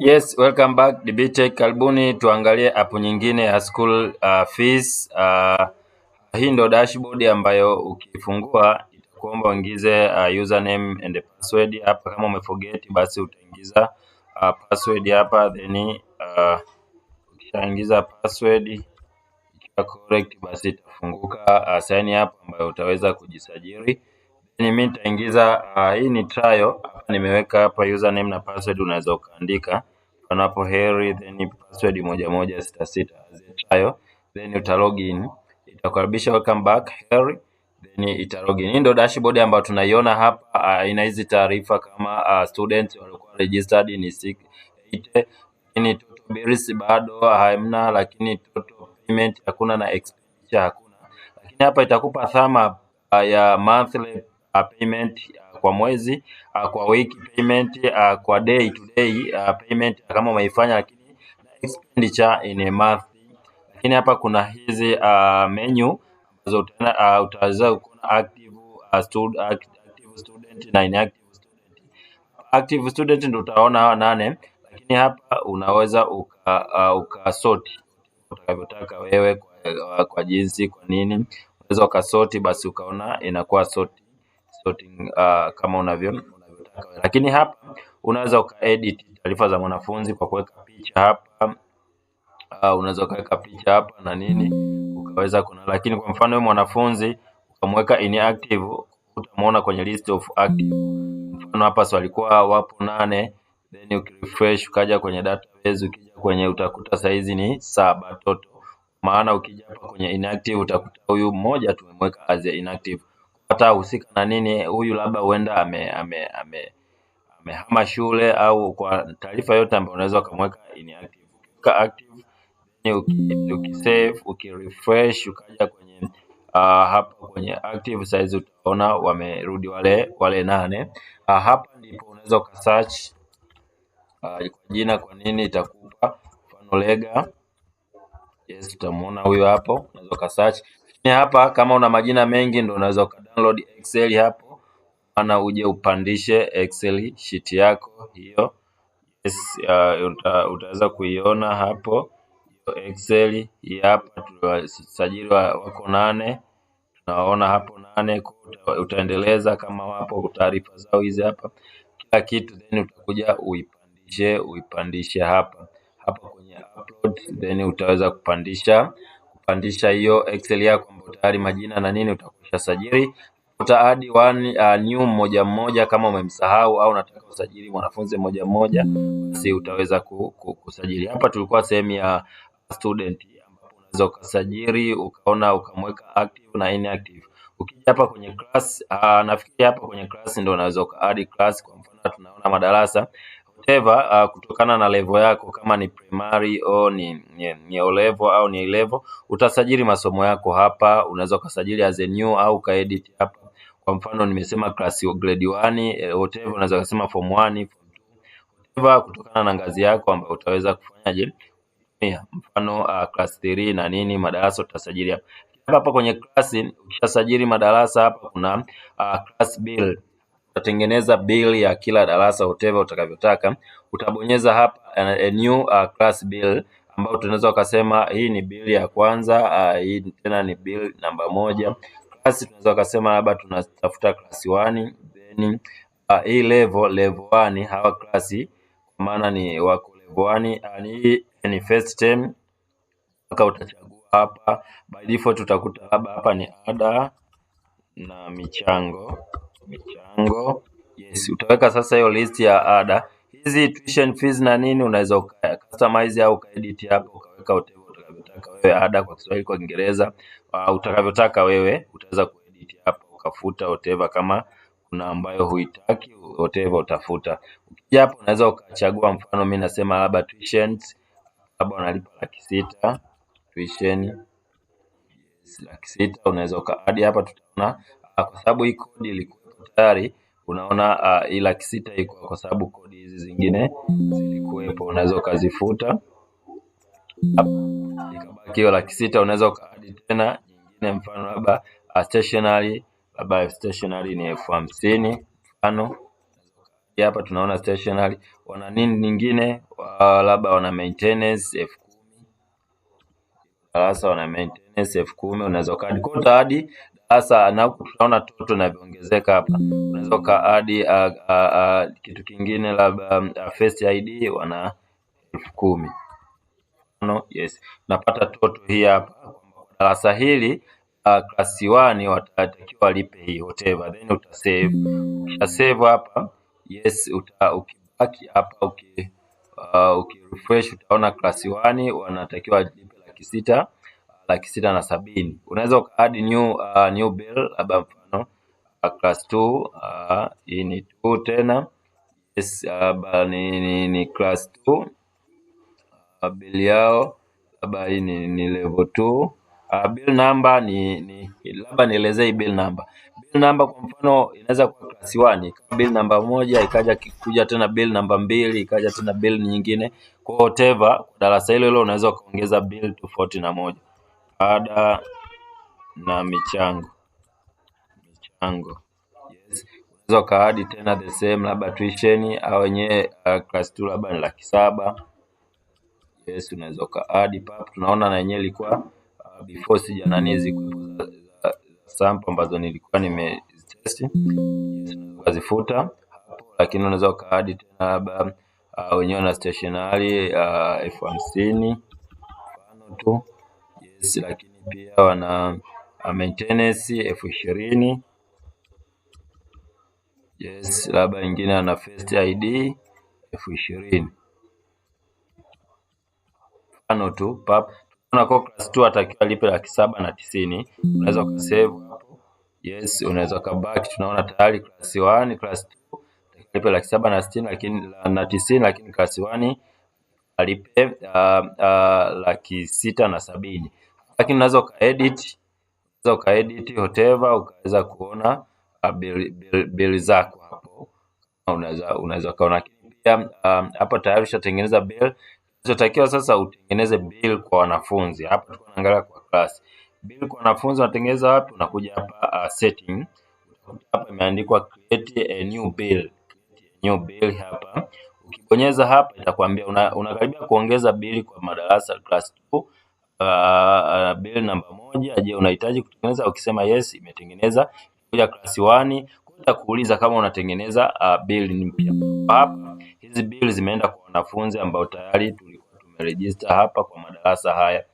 Yes, welcome back DBTech, karibuni tuangalie app nyingine ya school uh, fees uh, hii ndo dashboard ambayo ukifungua itakuomba uingize uh, username and the password hapa. Kama umeforget basi utaingiza uh, password hapa, then uh, ukishaingiza password ikiwa correct basi itafunguka uh, sign up ambayo utaweza kujisajili Then mimi nitaingiza uh, hii ni trial nimeweka hapa username na password, unaweza ukaandika panapo heri then password moja moja sita sita zetayo, then uta login, itakukaribisha welcome back heri, then ita login. Hii ndio dashboard ambayo tunaiona hapa, ah, ina hizi taarifa kama uh, students walikuwa registered ni 6 8 lakini total bills bado hamna, lakini total payment hakuna na expenditure hakuna, lakini hapa itakupa thumb up ah, ya monthly payment kwa mwezi, uh, kwa week payment, uh, kwa day to day uh, payment kama umeifanya, lakini na expenditure in a month. Lakini hapa kuna hizi uh, menu ambazo uh, utaweza kuona active uh, student active student na inactive student. Active student ndio utaona hawa nane, lakini hapa unaweza uh, ukasoti utakavyotaka wewe kwa, kwa jinsi, kwa nini unaweza ukasoti, basi ukaona inakuwa sort sorting uh, kama unavyo lakini hapa unaweza ukaedit taarifa za mwanafunzi kwa kuweka picha hapa. Uh, unaweza ukaweka picha hapa na nini ukaweza kuna, lakini kwa mfano wewe mwanafunzi ukamweka inactive, utamwona kwenye list of active. Mfano hapa swali kwa wapo nane, then ukirefresh ukaja kwenye database, ukija kwenye utakuta saizi ni saba toto, maana ukija hapa kwenye inactive utakuta huyu mmoja tumemweka as inactive hatahusika na nini, huyu labda huenda ame, ame, ame, amehama shule au kwa taarifa yote ambayo unaweza ukamweka inactive. Ukiweka active then ukisave, ukirefresh ukaja kwenye Uh, ah, hapa kwenye active size utaona wamerudi wale wale nane. Uh, hapa ndipo unaweza ukasearch uh, ah, kwa jina, kwa nini itakupa mfano lega. Yes, utamuona huyo hapo, unaweza ukasearch hapa kama una majina mengi ndio unaweza ukadownload excel hapo maana uje upandishe excel sheet yako hiyo. Yes, uh, utaweza kuiona hapo excel hii hapa, tuliwasajili wako nane, tunaona hapo nane. Utaendeleza kama wapo taarifa zao hizi hapa, kila kitu, then utakuja uipandishe uipandishe hapa hapa kwenye upload, then utaweza kupandisha kupandisha hiyo excel yako ambayo tayari majina na nini utakwisha sajili utaadi one uh, new mmoja mmoja kama umemsahau au unataka usajili mwanafunzi mmoja mmoja basi utaweza kusajili hapa tulikuwa sehemu ya student ambapo unaweza ukasajili ukaona ukamweka active na inactive ukija hapa kwenye class uh, nafikiri hapa kwenye class ndio unaweza ukaadi class kwa mfano tunaona madarasa whatever uh, kutokana na level yako, kama ni primary au ni, ni, ni O level au ni level, utasajili masomo yako hapa. Unaweza ukasajili as a new au ukaedit hapa. Kwa mfano nimesema class grade 1 eh, whatever, unaweza kusema form 1 whatever, kutokana na ngazi yako ambayo utaweza kufanyaje kutumia, mfano uh, class 3 na nini, madarasa utasajili hapa hapa kwenye class. Ukishasajili madarasa hapa kuna uh, class bill utatengeneza bill ya kila darasa whatever utakavyotaka. Utabonyeza hapa uh, a new uh, class bill ambayo tunaweza ukasema hii ni bill ya kwanza uh, hii tena ni bill namba moja. Class tunaweza ukasema labda tunatafuta class 1 then uh, hii level level 1 hawa class kwa maana ni wako level 1 and hii ni first term mpaka utachagua hapa by default utakuta labda hapa ni ada na michango michango yes utaweka sasa hiyo list ya ada hizi tuition fees na nini unaweza customize au edit hapo ukaweka whatever utakavyotaka wewe ada kwa Kiswahili kwa Kiingereza uh, utakavyotaka wewe utaweza kuedit hapo ukafuta whatever kama kuna ambayo huitaki whatever utafuta ukija hapo unaweza ukachagua mfano mimi nasema labda tuition labda unalipa laki sita tuition laki sita unaweza ukaadi hapa tutaona ah, kwa sababu hii kodi ilikuwa hospitali unaona uh, ila sita iko kwa sababu kodi hizi zingine zilikuwepo, unaweza ukazifuta ikabaki hiyo laki sita. Unaweza ukaadi tena nyingine, mfano labda uh, stationary, labda stationary ni elfu hamsini mfano hapa tunaona stationary wana nini nyingine, labda wana maintenance elfu kumi. Sasa wana maintenance elfu kumi unaweza ukadi kota hadi sasa na tunaona toto inavyoongezeka hapa, unaweza ukaadi uh, uh, uh, kitu kingine labda um, face ID wana elfu kumi no, yes. Napata toto hii hapa darasa hili uh, klasi 1 watatakiwa walipe hii whatever, then uta save. utasave. save hapa yes, uta ukibaki hapa uki, uh, refresh utaona klasi 1 wanatakiwa lipe laki sita laki sita na sabini. Unaweza ukaadi new, uh, new bill labda mfano uh, class 2 uh, hii ni 2 tena yes, uh, ni, ni, ni class 2 uh, bill yao labda hii ni, ni level 2 uh, bill number ni, ni labda nielezee bill number. Bill number kwa mfano inaweza kuwa class 1 bill number moja ikaja kikuja tena bill number mbili ikaja tena bill nyingine kwa whatever. Kwa darasa hilo hilo unaweza ukaongeza bill tofauti na moja. Ada na michango. Michango. Yes. Hizo kaadi tena the same labda tuition au wenyewe uh, class 2 labda ni laki saba. Yes, unaweza kaadi pap. Tunaona na yenyewe ilikuwa uh, before sija nani hizi uh, sample ambazo nilikuwa nime test Yes, kuzifuta hapo, lakini unaweza kaadi tena labda uh, wenyewe na stationary uh, elfu hamsini mfano tu lakini pia wana uh, maintenance elfu ishirini. Yes, labda nyingine ana first ID elfu ishirini mfano tu pap. na kwa class tu atakiwa lipe laki saba na tisini. Unaweza ukasave hapo. Yes, unaweza ukabaki. Tunaona tayari class 1, class 2 lipe laki saba na sitini lakini uh, na tisini, lakini class 1 alipe uh, uh, laki sita na sabini lakini unaweza ukaedit, unaweza ukaedit whatever, ukaweza kuona ah, bill zako hapo, unaweza unaweza kaona Lakini pia Um, tayari ushatengeneza bill unachotakiwa sasa utengeneze bill kwa wanafunzi. Hapa tulikuwa tunaangalia kwa class, Bill kwa wanafunzi unatengeneza wapi? Unakuja hapa uh, setting, hapa imeandikwa create a new bill, create a new bill hapa Ukibonyeza hapa itakwambia unakaribia una kuongeza bill kwa madarasa class uh, uh bill namba moja. Je, unahitaji kutengeneza? Ukisema yes, imetengeneza. Kuja class 1 kuja kuuliza kama unatengeneza uh, bill ni hapa. Hizi bill zimeenda kwa wanafunzi ambao tayari tulikuwa tumeregister hapa kwa madarasa haya.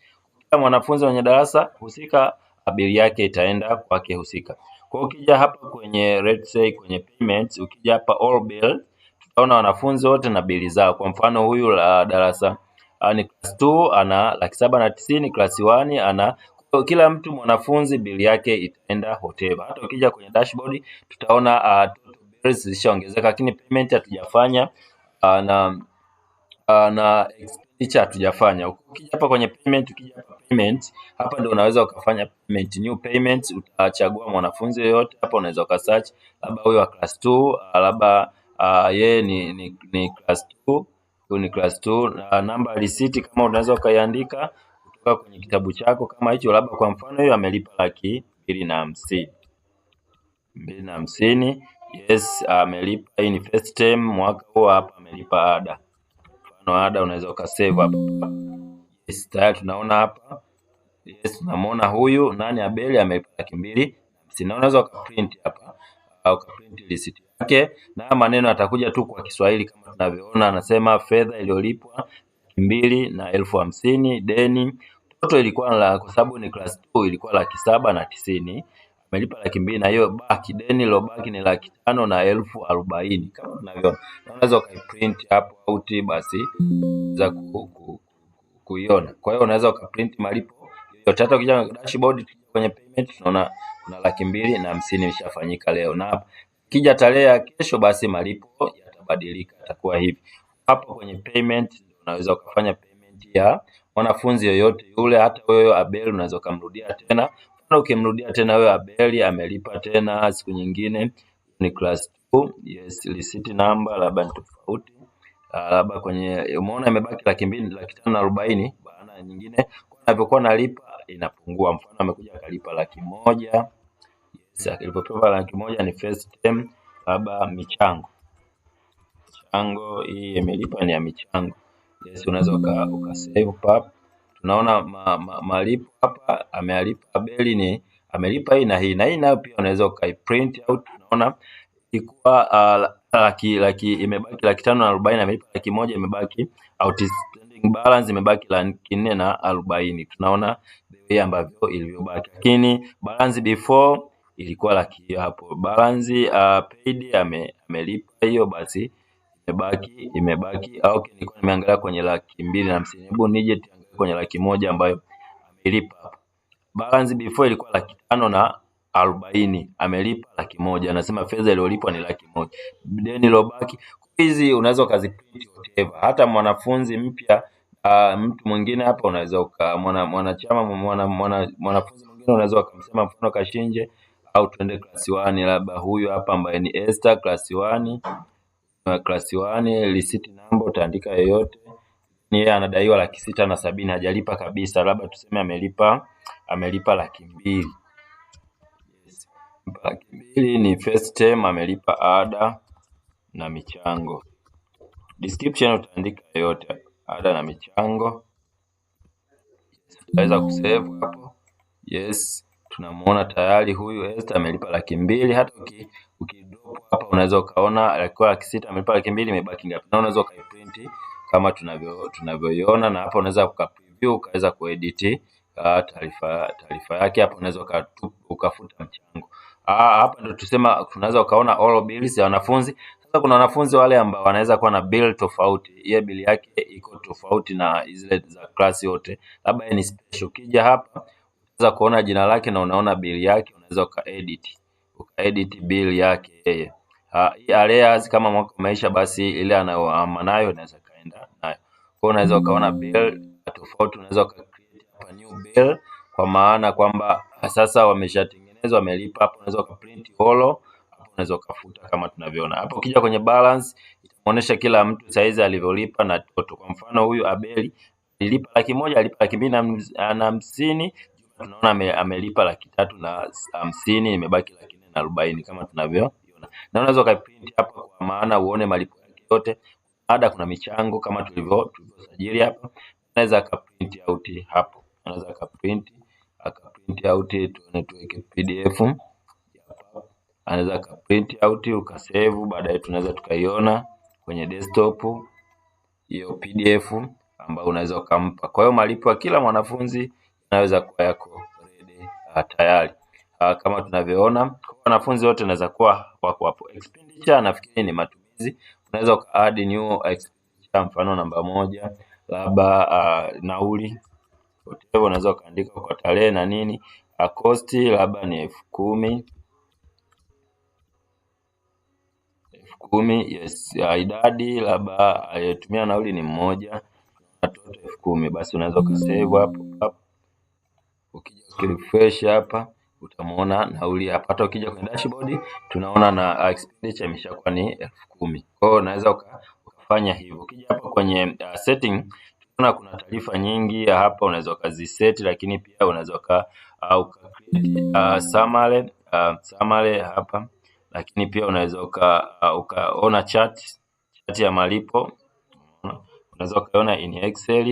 Kila mwanafunzi wenye darasa husika uh, bill yake itaenda kwake husika. Kwa ukija hapa kwenye let's say, kwenye payments, ukija hapa all bill, tutaona wanafunzi wote na bill zao. Kwa mfano huyu la uh, darasa Ah, ni class 2 ana laki saba na tisini, class 1 ana kila mtu mwanafunzi bili yake itaenda hotel. Hata ukija kwenye dashboard tutaona uh, ah, total bills zishaongezeka, lakini payment hatujafanya uh, na uh, na expenditure hatujafanya. Ukija hapa kwenye payment, ukija hapa payment, hapa ndio unaweza ukafanya payment, new payment. Utachagua mwanafunzi yoyote hapa, unaweza ukasearch labda huyo wa class 2 labda uh, yeye ni, ni, ni class 2 hiyo ni class 2 na namba ya risiti kama unaweza ukaiandika kutoka kwenye kitabu chako kama hicho, labda kwa mfano hiyo amelipa laki mbili na hamsini mbili na hamsini Yes, amelipa. Hii ni first term mwaka huu hapa amelipa ada, mfano ada unaweza ukasave hapa. Yes, tayari tunaona hapa yes, tunamwona huyu nani Abeli amelipa laki mbili hamsini unaweza ukaprint hapa au ukaprint risiti yake, na haya maneno atakuja tu kwa Kiswahili kama tunavyoona, anasema fedha iliyolipwa mbili na elfu hamsini deni toto ilikuwa la kwa sababu ni class 2 ilikuwa laki saba na tisini amelipa laki mbili na hiyo baki deni lilobaki ni laki tano na elfu arobaini kama tunavyoona. Unaweza ukaprint hapo out basi za kuiona. Kwa hiyo unaweza ukaprint malipo yote, hata ukija dashboard kwenye payment tunaona kuna laki mbili na hamsini ishafanyika leo, na kija tarehe ya kesho, basi malipo yatabadilika, yatakuwa hivi. Hapo kwenye payment unaweza ukafanya payment ya mwanafunzi yoyote yule, hata wewe Abel unaweza ukamrudia tena. Na ukimrudia tena wewe Abel amelipa tena siku nyingine ni class 2. Yes, receipt number labda ni tofauti ah, labda kwenye umeona imebaki laki mbili laki tano na arobaini baada nyingine, kwa navyokuwa nalipa inapungua. Mfano amekuja akalipa laki moja yes, akilipopewa laki moja ni first term, labda michango michango hii imelipa ni ya michango yes, unaweza ukasave hapa. Tunaona ma, ma, malipo hapa amealipa beli ni amelipa hii na hii na hii nayo pia unaweza ukaiprint out. Tunaona ilikuwa uh, laki, laki imebaki laki tano na arobaini amelipa laki moja imebaki balance imebaki laki nne na arobaini. Tunaona bei ambavyo ilivyobaki, lakini balance before ilikuwa laki hapo, balance uh, paid ame, amelipa hiyo, basi imebaki imebaki. Au okay, nilikuwa nimeangalia kwenye laki mbili na hamsini. Hebu nije tuangalie kwenye laki moja ambayo amelipa hapo. Balance before ilikuwa laki tano na arobaini, amelipa laki moja. Anasema fedha iliyolipwa ni laki moja, deni lobaki hizi unaweza ukaziprint whatever. Hata mwanafunzi mpya Uh, mtu mwingine hapa unaweza uka mwana- mwanachama mwana, mwana, mwanafunzi mwingine unaweza ukamsema mfano Kashinje au tuende klasi wani, labda huyu hapa ambaye ni Esther klasi wani uh, klasi wani risiti namba utaandika yoyote ni yeye anadaiwa laki sita na sabini hajalipa kabisa, labda tuseme amelipa amelipa laki mbili laki mbili ni first term amelipa ada na michango. Description utaandika yote ada na michango tunaweza kusave hapo. Yes, tunamuona tayari huyu Esther amelipa laki mbili. Hata ukidrop hapa unaweza ukaona alikuwa laki sita amelipa laki mbili, imebaki ngapi? Na unaweza ukaiprint kama tunavyo tunavyoiona, na hapa unaweza preview ukaweza kuedit ah, taarifa taarifa yake hapa, unaweza ukafuta mchango. Ah, hapa ndio tusema tunaweza ukaona all bills ya wanafunzi sasa kuna wanafunzi wale ambao wanaweza kuwa na bill tofauti, ile bill yake iko tofauti na zile za class yote, labda ni special. Ukija hapa unaweza kuona jina lake na unaona bill yake, unaweza edit ukaedit edit bill yake yeye. Ah, arrears kama mwaka umeisha, basi ile anayoama nayo inaweza kaenda nayo kwao, unaweza ukaona bill tofauti, unaweza create hapa new bill, kwa maana kwamba sasa wameshatengenezwa wamelipa. Hapo unaweza print holo unaweza ukafuta kama tunavyoona hapo. Ukija kwenye balance itaonyesha kila mtu saizi alivyolipa na toto. Kwa mfano huyu Abeli alilipa laki moja, alipa laki mbili na hamsini. Tunaona amelipa laki tatu na hamsini, imebaki laki nne na arobaini kama tunavyoona, na unaweza ukaprint hapa kwa maana uone malipo yake yote. Ada kuna michango kama tulivyo tulivyosajili hapa, unaweza akaprint out hapo, unaweza akaprint akaprint out, tuone tuweke PDF anaweza ka print out ukasave, baadaye tunaweza tukaiona kwenye desktop hiyo PDF ambayo unaweza ukampa. Kwa hiyo malipo ya kila mwanafunzi yanaweza kuwa yako ready ah, tayari. Ah, kama tunavyoona wanafunzi wote wanaweza kuwa wako hapo. Expenditure nafikiri ni matumizi, unaweza uka add new expenditure, mfano namba moja labda uh, nauli whatever, unaweza ukaandika kwa tarehe na nini. Cost labda ni elfu kumi kumi yes, ya idadi labda aliyetumia nauli ni mmoja watoto elfu kumi basi unaweza ukasave hapo hapo. Ukija ukirefresh hapa utamwona nauli hapa, hata ukija kwenye dashboard tunaona na expenditure imeshakuwa ni elfu kumi. Kwa hiyo unaweza ukafanya hivyo. Ukija hapa kwenye uh, setting tunaona kuna taarifa nyingi hapa, unaweza ukaziseti, lakini pia unaweza uka uh, uka create uh, summary uh, summary hapa lakini pia unaweza uh, ukaona chart chart ya malipo unaweza ukaona in Excel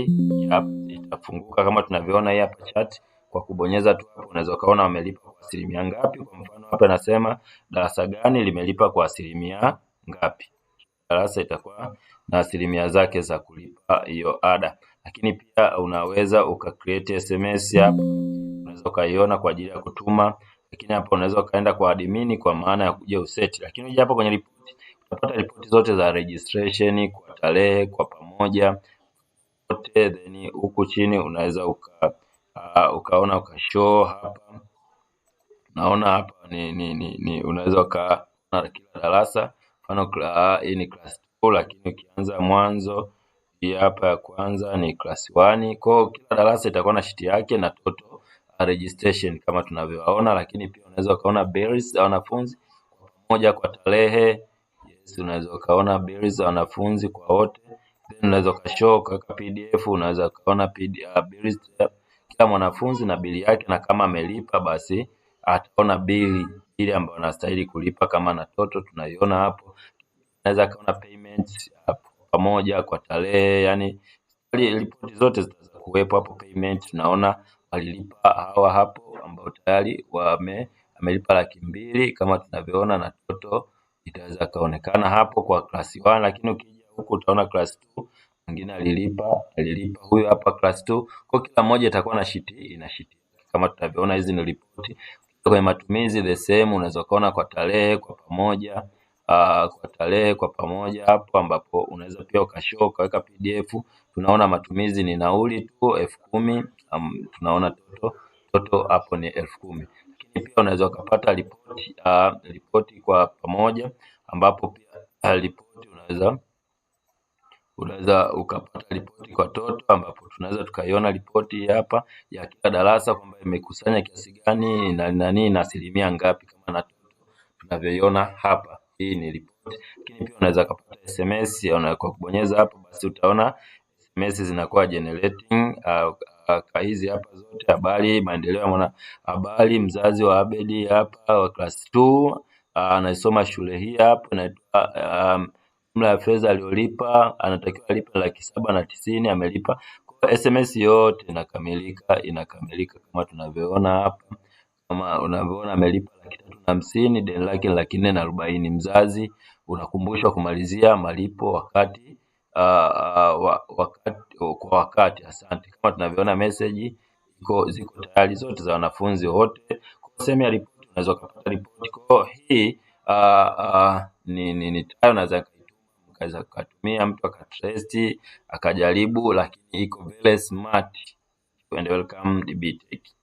itafunguka kama tunavyoona hii hapa chart. Kwa kubonyeza tu unaweza ukaona wamelipa kwa asilimia ngapi. Kwa mfano hapa nasema darasa gani limelipa kwa asilimia ngapi, darasa itakuwa na asilimia zake za kulipa hiyo ada. Lakini pia unaweza uka create SMS hapa, unaweza ukaiona kwa ajili ya kutuma lakini hapo unaweza ukaenda kwa admin kwa maana ya kuja useti, lakini ukija hapa kwenye ripoti utapata ripoti zote za registration kwa tarehe kwa pamoja zote, then huku chini unaweza uka uh, ukaona uka show hapa, naona hapa ni, ni, ni, ni unaweza ukaona kila darasa, mfano hii ni class 2, lakini ukianza mwanzo hii hapa ya kwanza ni class 1. Kwa kila darasa itakuwa na shiti yake na toto registration kama tunavyoona, lakini pia unaweza ukaona berries za wanafunzi moja kwa tarehe. Yes, unaweza ukaona berries za wanafunzi kwa wote, then unaweza ukashow ukaweka PDF, unaweza ukaona PDF ah, berries kila mwanafunzi na bili yake, na kama amelipa basi ataona bili ile ambayo anastahili kulipa. Kama na toto tunaiona hapo, unaweza kaona payment pamoja kwa tarehe, yani ripoti zote zitaweza kuwepo hapo. Payment tunaona alilipa hawa hapo ambao tayari wame, amelipa laki mbili kama tunavyoona, na toto itaweza kaonekana hapo kwa class 1, lakini ukija huku utaona class 2 mwingine alilipa alilipa huyo hapa class 2. Kwa kila mmoja itakuwa na shiti ina shiti kama tunavyoona, hizi ni ripoti kwa matumizi the same, unaweza kuona kwa tarehe kwa pamoja Ah, kwa tarehe kwa pamoja hapo, ambapo unaweza pia ukashow ukaweka PDF. Tunaona matumizi ni nauli tu elfu kumi um, tunaona toto toto hapo ni elfu kumi lakini pia unaweza ukapata ripoti uh, ripoti kwa pamoja ambapo pia uh, ripoti unaweza unaweza ukapata ripoti kwa toto ambapo tunaweza tukaiona ripoti hapa ya kila darasa kwamba imekusanya kiasi gani na nani na asilimia ngapi, kama na toto tunavyoiona hapa hii ni report. Lakini pia unaweza kupata SMS kwa kubonyeza hapo, basi utaona SMS zinakuwa generating kwa uh, uh, hizi hapa zote habari, maendeleo ya mwana habari, mzazi wa Abedi hapa wa class 2 uh, anasoma shule hii hapo na um, jumla ya fedha aliyolipa anatakiwa alipe laki saba na tisini amelipa. Kwa SMS yote inakamilika, inakamilika kama tunavyoona hapa, kama unavyoona amelipa hamsini, deni lake laki nne na arobaini. Mzazi unakumbushwa kumalizia malipo wakati kwa uh, wakati, kwa wakati. Asante. Kama tunavyoona meseji ziko, ziko tayari zote za wanafunzi wote. Kwa sehemu ya ripoti unaweza kupata ripoti kwa hii uh, uh, ni, ni, ni tayari unaweza kaweza kutumia mtu akatresti akajaribu, lakini iko very smart. And welcome DB Tech.